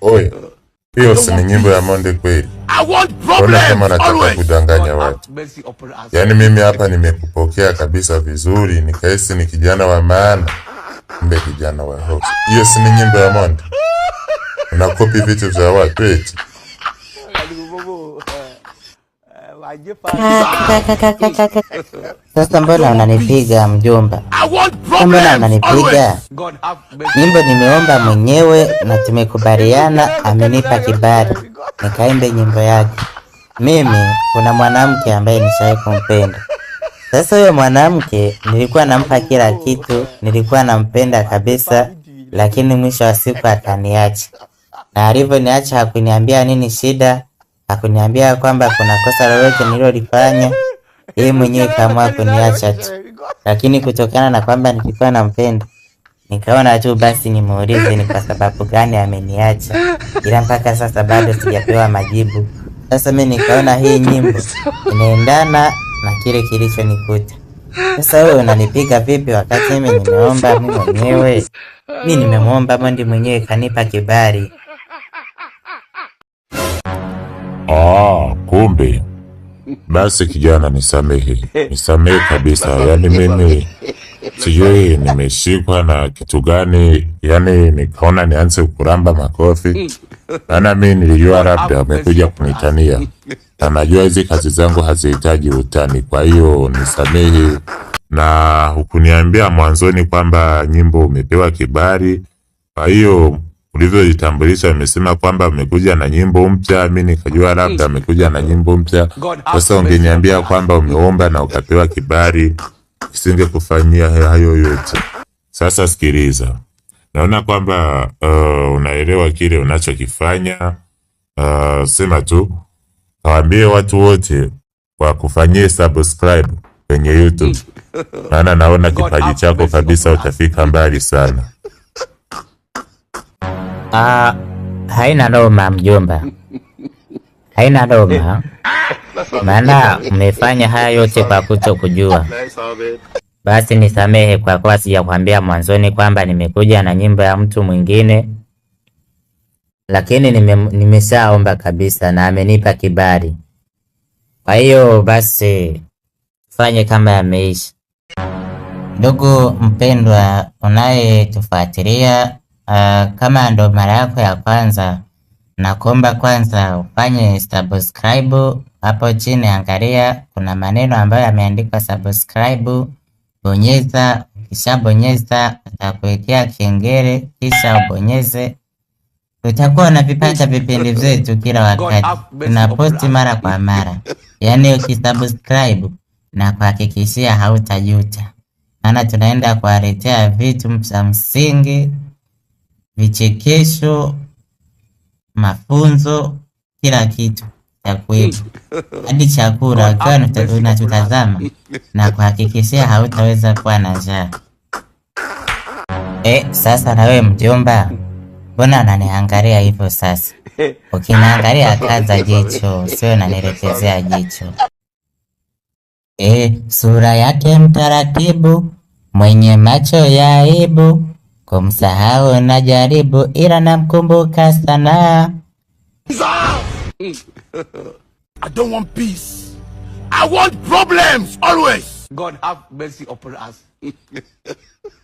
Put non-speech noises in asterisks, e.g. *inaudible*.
Oye, hiyo si ni nyimbo ya Monde kweli? Ona kama nataka kudanganya watu. Yaani mimi hapa nimekupokea kabisa vizuri, nikahisi ni kijana wa maana, kumbe kijana wa hoax. Hiyo si ni nyimbo ya Monde? Unakopi vitu vya watu eti. Sasa mbona unanipiga mjomba? Mbona unanipiga? Nyimbo nimeomba mwenyewe na tumekubaliana, amenipa kibali nikaimbe nyimbo yake. Mimi kuna mwanamke ambaye nishawahi kumpenda. Sasa huyo mwanamke nilikuwa nampa kila kitu, nilikuwa nampenda kabisa, lakini mwisho wa siku akaniacha, na alivyoniacha hakuniambia nini shida na kwamba kuna kosa lolote nililolifanya, yeye mwenyewe kaamua kuniacha tu. Lakini kutokana na kwamba nilikuwa nampenda, nikaona tu basi nimuulize ni kwa sababu gani ameniacha, ila mpaka sasa bado sijapewa majibu. Sasa mi nikaona hii nyimbo inaendana na kile kilichonikuta. Sasa wewe unanipiga vipi wakati mimi nimeomba mimi mwenyewe, mi nimemwomba Mondi mwenyewe kanipa kibali. kumbe basi kijana, nisamehe, nisamehe kabisa. yani mimi sijui nimeshikwa na kitu gani, yani nikaona nianze kuramba makofi, maana mi nilijua labda amekuja kunitania, anajua hizi kazi zangu hazihitaji utani. Kwa hiyo nisamehe, na hukuniambia mwanzoni kwamba nyimbo umepewa kibali, kwa hiyo ulivyojitambulisha umesema kwamba umekuja na nyimbo mpya. Mi nikajua labda mm. umekuja na nyimbo mpya. Sasa ungeniambia kwamba umeomba na ukapewa kibali, isingekufanyia hayo yote. Sasa sikiliza, naona kwamba uh, unaelewa kile unachokifanya. Uh, sema tu kawaambie watu wote wakufanyie subscribe kwenye YouTube, mm. maana naona kipaji chako kabisa, utafika mbali sana. Ah, haina doma mjomba, haina noma maana mmefanya haya yote kwa kuto kujua. Basi nisamehe kwa kuwa sijakwambia mwanzoni kwamba nimekuja na nyimbo ya mtu mwingine, lakini nimeshaomba nime kabisa, na amenipa kibali. Kwa hiyo basi fanye kama yameisha. Ndugu mpendwa unayetufuatilia Uh, kama ndo mara yako ya kwanza, nakuomba kwanza ufanye subscribe. Hapo chini angalia, kuna maneno ambayo yameandikwa subscribe, bonyeza. Ukishabonyeza utakuwekea kengele, kisha ubonyeze. Utakuwa unavipata vipindi vyetu kila wakati, tunaposti mara kwa mara. Yaani ukisubscribe na kuhakikishia hautajuta, maana tunaenda kuwaletea vitu vya msingi vichekesho, mafunzo, kila kitu cha kwetu *laughs* hadi chakula. Ukiwa unatutazama na kuhakikishia hautaweza kuwa na njaa. Eh, sasa nawe mjomba, mbona unaniangalia hivyo sasa? Ukiniangalia kaza jicho, sio unanielekezea jicho. Eh, sura yake mtaratibu, mwenye macho ya aibu Kumsahau ila namkumbuka sana. I don't want peace. I want problems always. God have mercy upon us. *laughs*